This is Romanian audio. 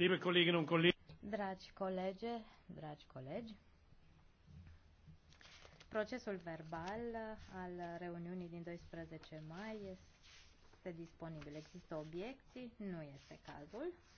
Liebe Kolleginnen und Kollegen. Dragi colege, dragi colegi, procesul verbal al reuniunii din 12 mai este disponibil. Există obiecții? Nu este cazul.